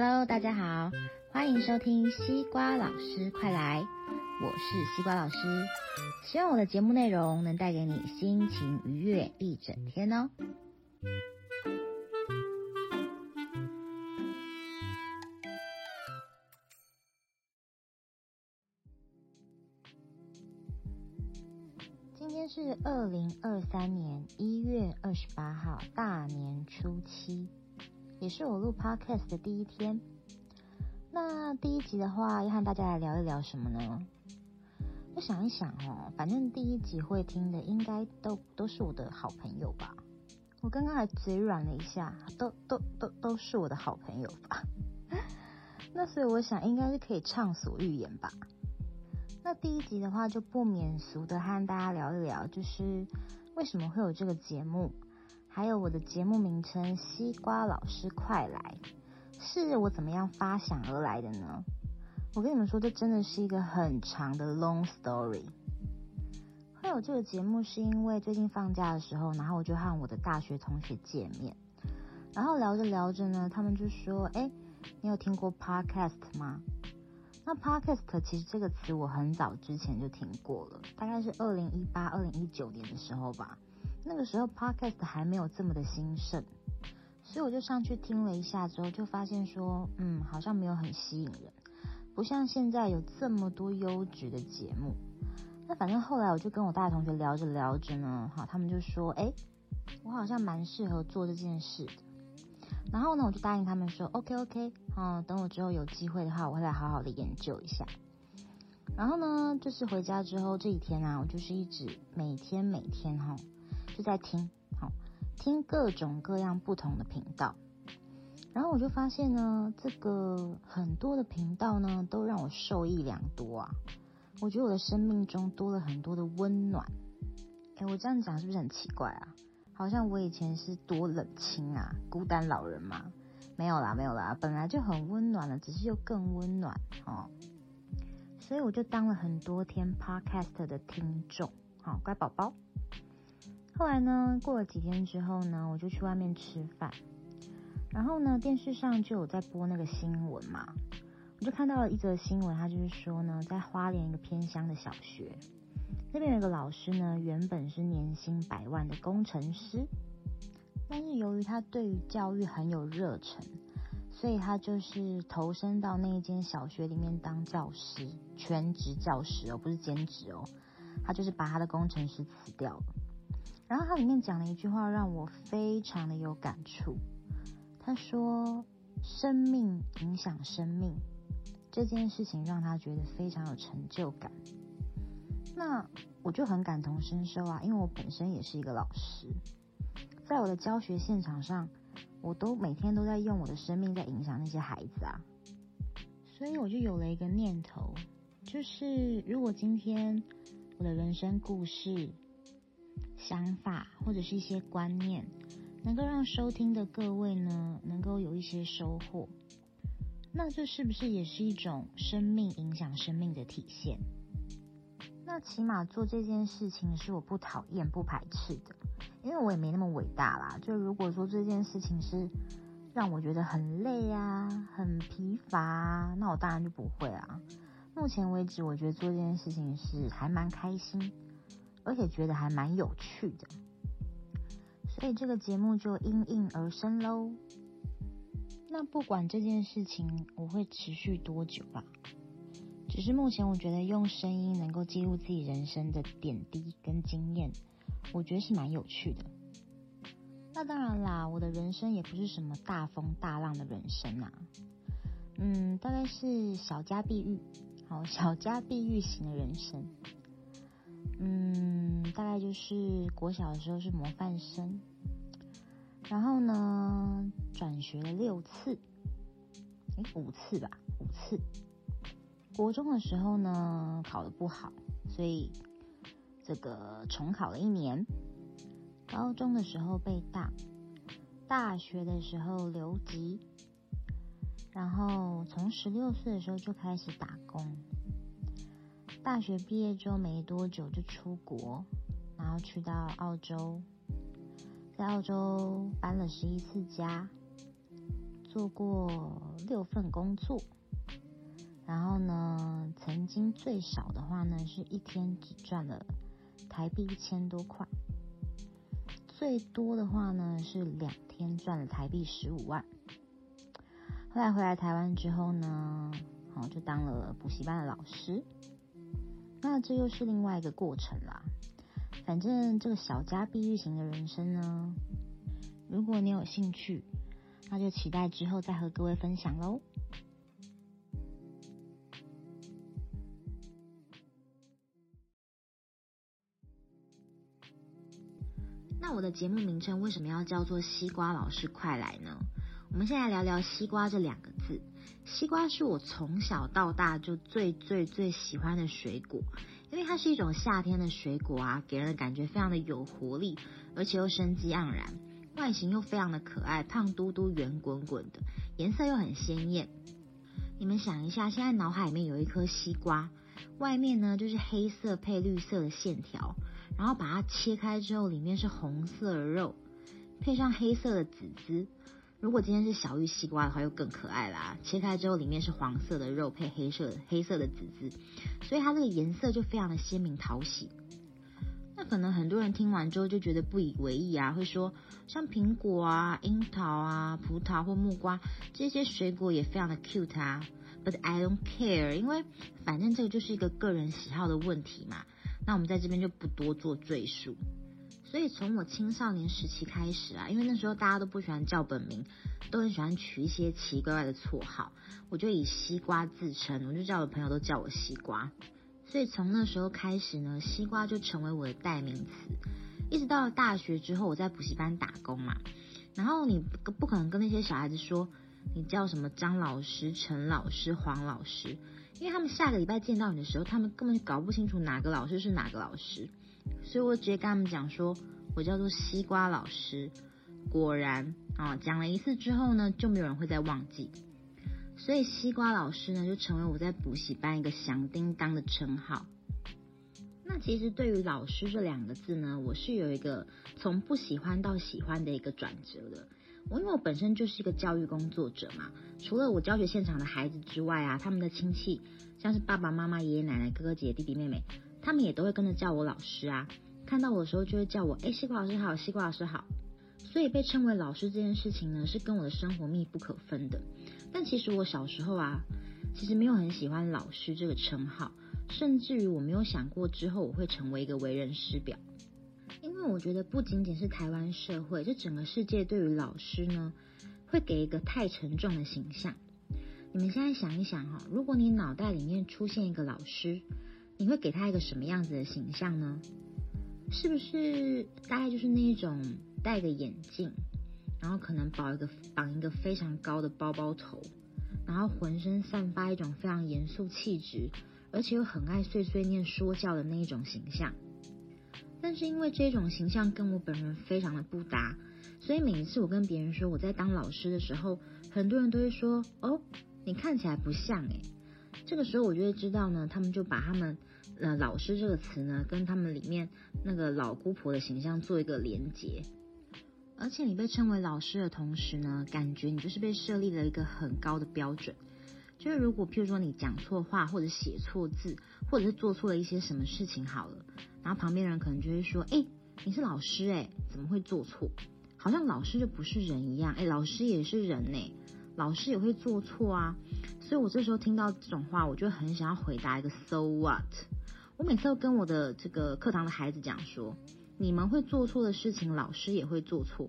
Hello，大家好，歡迎收聽西瓜老師快來。我是西瓜老師，希望我的節目內容能帶給你心情愉悅一整天哦。今天是二零二三年一月二十八號，大年初七。也是我錄 podcast 的第一天，那第一集的話，要和大家來聊一聊什麼呢？我想一想哦，反正第一集會聽的，應該都都是我的好朋友吧。我剛剛還嘴軟了一下，都都都都是我的好朋友吧。 那所以我想，應該是可以暢所欲言吧。那第一集的話，就不免俗的和大家聊一聊，就是為什麼會有這個節目。還有我的節目名稱《西瓜老師快來》，是我怎麼樣發想而來的呢？我跟你們說，這真的是一個很長的 long story。會有這個節目，是因為最近放假的時候，然後我就和我的大學同學見面，然後聊着聊着呢，他們就說：“哎，你有聽過 podcast 嗎？”那 podcast 其實這個詞我很早之前就聽過了，大概是二零一八、二零一九年的時候吧。那個時候，Podcast 還沒有這麼的興盛，所以我就上去聽了一下，之後就發現說，嗯，好像沒有很吸引人，不像現在有這麼多優質的節目。那反正後來我就跟我大學同學聊着聊着呢，哈，他們就說，哎、欸，我好像蠻適合做這件事的。然後呢，我就答應他們說，OK OK，等我之後有機會的話，我會來好好的研究一下。然後呢，就是回家之後這幾天啊，我就是一直每天每天哈。就在聽，好，聽各種各樣不同的頻道，然後我就發現呢，這個很多的頻道呢，都讓我受益良多啊！我覺得我的生命中多了很多的溫暖。誒，我這樣講是不是很奇怪啊？好像我以前是多冷清啊，孤單老人嘛？沒有啦，沒有啦，本來就很溫暖了，只是又更溫暖哦。所以我就當了很多天 podcast 的聽眾，好乖寶寶。後來呢，過了幾天之後呢，我就去外面吃飯，然後呢，電視上就有在播那個新聞嘛，我就看到了一則新聞，他就是說呢，在花蓮一個偏鄉的小學，那邊有一個老師呢，原本是年薪百萬的工程師，但是由於他對於教育很有熱忱，所以他就是投身到那一間小學裡面當教師，全職教師哦，不是兼職哦，他就是把他的工程師辭掉了。然後他裡面講了一句話，讓我非常的有感觸。他說：“生命影響生命”，這件事情讓他覺得非常有成就感。那我就很感同身受啊，因為我本身也是一個老師，在我的教學現場上，我都每天都在用我的生命在影響那些孩子啊。所以我就有了一個念頭，就是如果今天我的人生故事，想法或者是一些觀念，能夠讓收聽的各位呢，能夠有一些收穫。那這是不是也是一種生命影響生命的體現？那起碼做這件事情是我不討厭、不排斥的，因為我也沒那麼偉大啦。就如果說這件事情是讓我覺得很累啊、很疲乏啊，那我當然就不會啊。目前為止，我覺得做這件事情是還蠻開心。而且覺得還蠻有趣的，所以這個節目就因應而生嘍。那不管這件事情我會持續多久吧，只是目前我覺得用聲音能夠記錄自己人生的點滴跟經驗，我覺得是蠻有趣的。那當然啦，我的人生也不是什麼大風大浪的人生啊，嗯，大概是小家碧玉，好，小家碧玉型的人生。嗯，大概就是國小的時候是模範生，然後呢，轉學了六次，哎、欸，五次吧，五次。國中的時候呢，考得不好，所以這個重考了一年。高中的時候被當，大學的時候留級，然後從十六歲的時候就開始打工。大學畢業之後沒多久就出國，然後去到澳洲，在澳洲搬了十一次家，做過六份工作，然後呢，曾經最少的話呢，是一天只賺了台幣一千多塊，最多的話呢，是兩天賺了台幣十五萬。後來回來台灣之後呢，哦，就當了補習班的老師。那這又是另外一個過程啦。反正這個小家碧玉型的人生呢，如果你有興趣，那就期待之後再和各位分享嘍。那我的節目名稱為什麼要叫做西瓜老師快來呢？我們現在來聊聊西瓜這兩個字。西瓜是我從小到大就最最最喜歡的水果，因為它是一種夏天的水果啊，給人的感覺非常的有活力，而且又生機盎然，外形又非常的可愛，胖嘟嘟、圓滾滾的，顏色又很鮮豔。你們想一下，現在腦海裡面有一顆西瓜，外面呢就是黑色配綠色的線條，然後把它切開之後，裡面是紅色的肉，配上黑色的籽籽。如果今天是小玉西瓜的話，又更可愛啦。切開之後，裡面是黃色的肉配黑色的黑色的籽籽，所以它這個顏色就非常的鮮明討喜。那可能很多人聽完之後就覺得不以為意啊，會說像蘋果啊、櫻桃啊、葡萄或木瓜這些水果也非常的 cute 啊，but I don't care，因為反正這個就是一個個人喜好的問題嘛。那我們在這邊就不多做贅述。所以從我青少年時期開始啊，因為那時候大家都不喜歡叫本名，都很喜歡取一些奇奇怪怪的綽號。我就以西瓜自稱，我就叫我的朋友都叫我西瓜。所以從那時候開始呢，西瓜就成為我的代名詞。一直到了大學之後，我在補習班打工嘛，然後你不可能跟那些小孩子說你叫什麼張老師、陳老師、黃老師，因為他們下個禮拜見到你的時候，他們根本就搞不清楚哪個老師是哪個老師。所以，我直接跟他們講說，我叫做西瓜老師。果然啊、哦，講了一次之後呢，就沒有人會再忘記。所以，西瓜老師呢，就成為我在補習班一個響叮噹的稱號。那其實，對於老師這兩個字呢，我是有一個從不喜歡到喜歡的一個轉折的。我因為我本身就是一個教育工作者嘛，除了我教學現場的孩子之外啊，他們的親戚，像是爸爸媽媽、爺爺奶奶、哥哥姐、弟弟妹妹，妹。他們也都會跟着叫我老師啊，看到我的時候就會叫我誒，西瓜老師好，西瓜老師好。所以被稱為老師這件事情呢，是跟我的生活密不可分的。但其實我小時候啊，其實沒有很喜歡老師這個稱號，甚至於我沒有想過之後我會成為一個為人師表，因為我覺得不僅僅是台灣社會，這整個世界對於老師呢，會給一個太沉重的形象。你們現在想一想哈、哦，如果你腦袋裡面出現一個老師。你會給他一個什麼樣子的形象呢？是不是大概就是那一種戴個眼鏡，然後可能綁一個綁一個非常高的包包頭，然後渾身散發一種非常嚴肅氣質，而且又很愛碎碎念說教的那一種形象？但是因為這種形象跟我本人非常的不搭，所以每一次我跟別人說我在當老師的時候，很多人都會說：“哦，你看起來不像誒。”這個時候我就會知道呢，他們就把他們。那、呃、老師這個詞呢，跟他們裡面那個老姑婆的形象做一個連結，而且你被稱為老師的同時呢，感覺你就是被設立了一個很高的標準。就是如果譬如說你講錯話，或者寫錯字，或者是做錯了一些什麼事情好了，然後旁邊的人可能就會說：“哎、欸，你是老師哎、欸，怎麼會做錯？好像老師就不是人一樣。」欸、哎，老師也是人呢、欸，老師也會做錯啊。所以，我這時候聽到這種話，我就很想要回答一個 so what？我每次都跟我的這個課堂的孩子講說，你們會做錯的事情，老師也會做錯。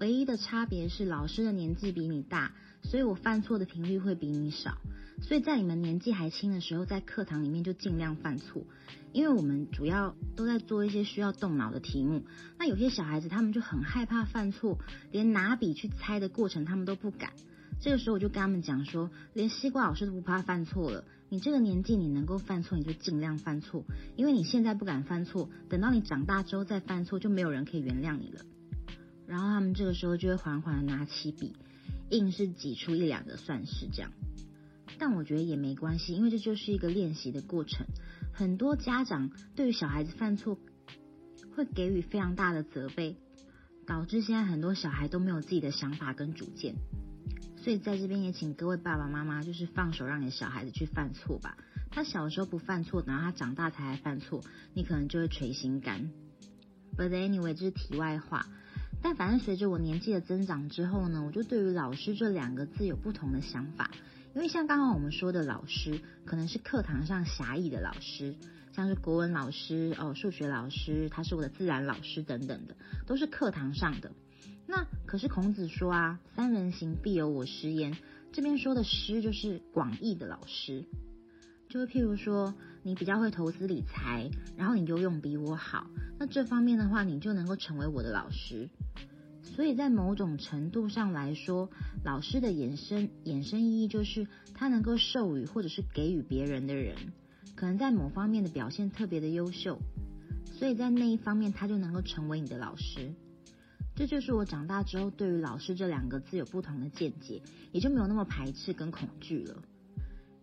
唯一的差別是，老師的年紀比你大，所以我犯錯的頻率會比你少。所以在你們年紀還輕的時候，在課堂裡面就盡量犯錯，因為我們主要都在做一些需要動腦的題目。那有些小孩子，他們就很害怕犯錯，連拿筆去猜的過程，他們都不敢。這個時候我就跟他們講說，連西瓜老師都不怕犯錯了，你這個年紀你能夠犯錯，你就盡量犯錯，因為你現在不敢犯錯，等到你長大之後再犯錯，就沒有人可以原諒你了。然後他們這個時候就會緩緩的拿起筆，硬是擠出一兩個算式這樣。但我覺得也沒關係，因為這就是一個練習的過程。很多家長對於小孩子犯錯，會給予非常大的責備，導致現在很多小孩都沒有自己的想法跟主見。所以在這邊也請各位爸爸媽媽，就是放手讓你的小孩子去犯錯吧。他小時候不犯錯，然後他長大才還犯錯，你可能就會捶心肝。But anyway，這是題外話。但反正隨着我年紀的增長之後呢，我就對於老師這兩個字有不同的想法。因為像剛剛我們說的，老師可能是課堂上狹義的老師，像是國文老師、哦數學老師，他是我的自然老師等等的，都是課堂上的。那可是孔子說啊，“三人行，必有我師焉。”這邊說的“師”就是廣義的老師，就譬如說，你比較會投資理財，然後你游泳比我好，那這方面的話，你就能夠成為我的老師。所以在某種程度上來說，老師的衍生衍生意義就是，他能夠授予或者是給予別人的人，可能在某方面的表現特別的優秀，所以在那一方面，他就能夠成為你的老師。這就是我長大之後對於“老師”這兩個字有不同的見解，也就沒有那麼排斥跟恐懼了。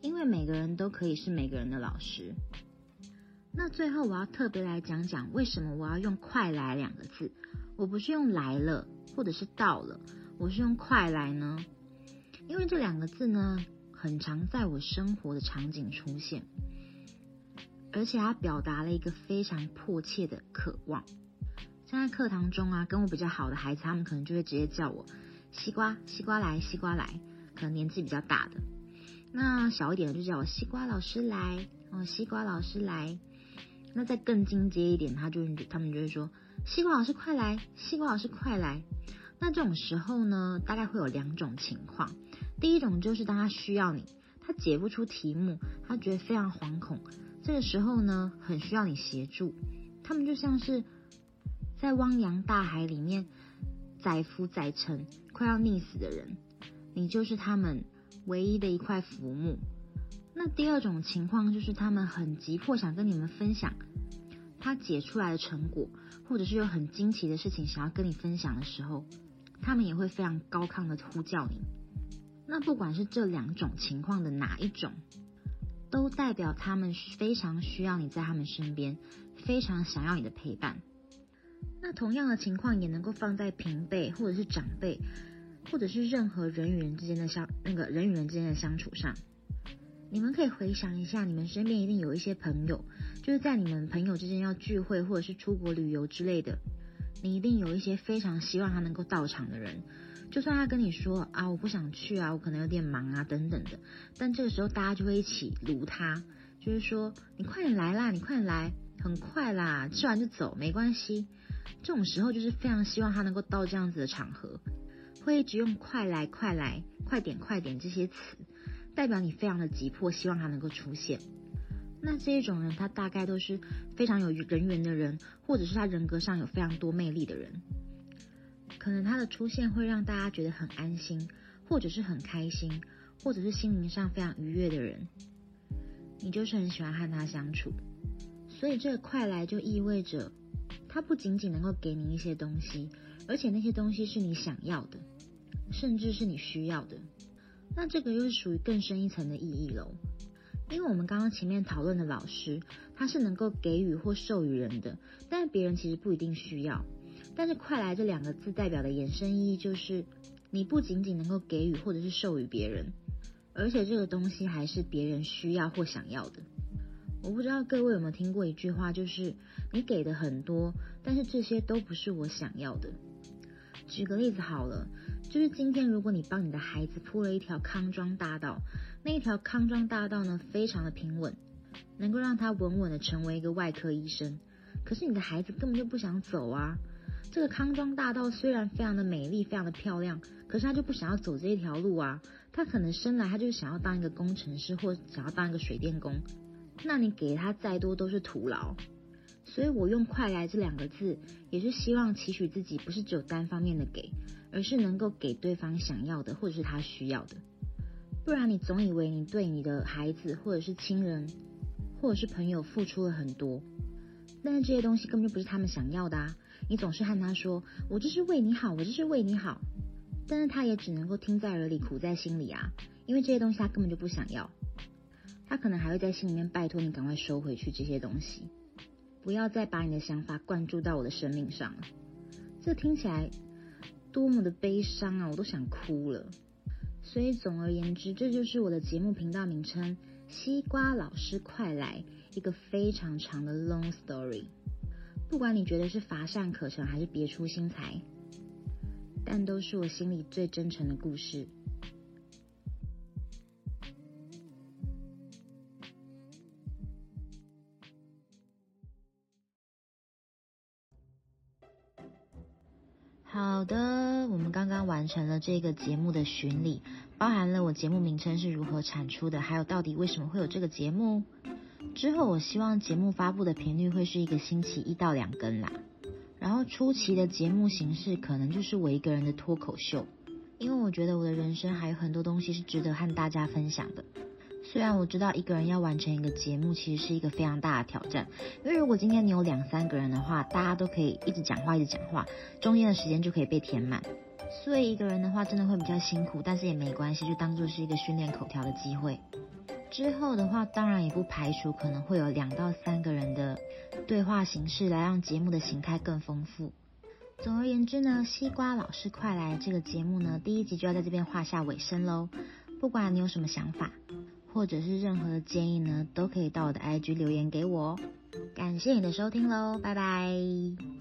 因為每個人都可以是每個人的老師。那最後我要特別來講講，為什麼我要用“快來”兩個字？我不是用“來了”或者是“到了”，我是用“快來”呢？因為這兩個字呢，很常在我生活的場景出現，而且它表達了一個非常迫切的渴望。現在課堂中啊，跟我比較好的孩子，他們可能就會直接叫我“西瓜”，“西瓜來，西瓜來”。可能年紀比較大的，那小一點就叫我“西瓜老師來”，哦，“西瓜老師來”。那再更進階一點，他就他們就會說：“西瓜老師快來，西瓜老師快來。”那這種時候呢，大概會有兩種情況。第一種就是當他需要你，他解不出題目，他覺得非常惶恐，這個時候呢，很需要你協助。他們就像是，在汪洋大海裡面載浮載沉快要溺死的人，你就是他們唯一的一塊浮木。那第二種情況就是他們很急迫想跟你們分享他解出來的成果，或者是有很驚奇的事情想要跟你分享的時候，他們也會非常高亢的呼叫你。那不管是這兩種情況的哪一種，都代表他們非常需要你在他們身邊，非常想要你的陪伴。那同樣的情況也能夠放在平輩或者是長輩，或者是任何人與人之間的相那個人與人之間的相處上。你們可以回想一下，你們身邊一定有一些朋友，就是在你們朋友之間要聚會或者是出國旅遊之類的，你一定有一些非常希望他能夠到場的人。就算他跟你說啊，我不想去啊，我可能有點忙啊，等等的，但這個時候大家就會一起盧他，就是說你快點來啦，你快點來。很快啦，吃完就走，沒關係。這種時候就是非常希望他能夠到這樣子的場合，會一直用“快來、快來、快點、快點”這些詞，代表你非常的急迫，希望他能夠出現。那這一種人，他大概都是非常有人緣的人，或者是他人格上有非常多魅力的人，可能他的出現會讓大家覺得很安心，或者是很開心，或者是心靈上非常愉悅的人。你就是很喜歡和他相處。所以這個快來就意味着，它不僅僅能夠給你一些東西，而且那些東西是你想要的，甚至是你需要的。那這個又是屬於更深一層的意義嘍。因為我們剛剛前面討論的老師，他是能夠給予或授予人的，但是別人其實不一定需要。但是“快來”這兩個字代表的衍生意義就是，你不僅僅能夠給予或者是授予別人，而且這個東西還是別人需要或想要的。我不知道各位有沒有聽過一句話，就是你給的很多，但是這些都不是我想要的。舉個例子好了，就是今天如果你幫你的孩子鋪了一條康莊大道，那一條康莊大道呢，非常的平穩，能夠讓他穩穩的成為一個外科醫生。可是你的孩子根本就不想走啊。這個康莊大道雖然非常的美麗，非常的漂亮，可是他就不想要走這一條路啊。他可能生來他就想要當一個工程師，或者想要當一個水電工。那你給他再多都是徒勞，所以我用“快來”這兩個字，也是希望期許自己不是只有單方面的給，而是能夠給對方想要的或者是他需要的。不然你總以為你對你的孩子或者是親人，或者是朋友付出了很多，但是這些東西根本就不是他們想要的啊！你總是和他說：“我這是為你好，我這是為你好。”但是他也只能夠聽在耳裡，苦在心裡啊，因為這些東西他根本就不想要。他可能還會在心裡面拜託你趕快收回去這些東西，不要再把你的想法灌注到我的生命上了。這聽起來多麼的悲傷啊，我都想哭了。所以總而言之，這就是我的節目頻道名稱——西瓜老師，快來！一個非常長的 long story。不管你覺得是乏善可陳還是別出心裁，但都是我心裡最真誠的故事。完成了這個節目的巡禮，包含了我節目名稱是如何產出的，還有到底為什麼會有這個節目。之後，我希望節目發佈的頻率會是一個星期一到兩更啦。然後初期的節目形式可能就是我一個人的脫口秀，因為我覺得我的人生還有很多東西是值得和大家分享的。雖然我知道一個人要完成一個節目其實是一個非常大的挑戰，因為如果今天你有兩三個人的話，大家都可以一直講話，一直講話，中間的時間就可以被填滿。所以一個人的話，真的會比較辛苦，但是也沒關係，就當作是一個訓練口條的機會。之後的話，當然也不排除可能會有兩到三個人的對話形式，來讓節目的形態更豐富。總而言之呢，西瓜老師快來這個節目呢，第一集就要在這邊畫下尾聲嘍。不管你有什麼想法，或者是任何的建議呢，都可以到我的 IG 留言給我哦。感謝你的收聽嘍，拜拜。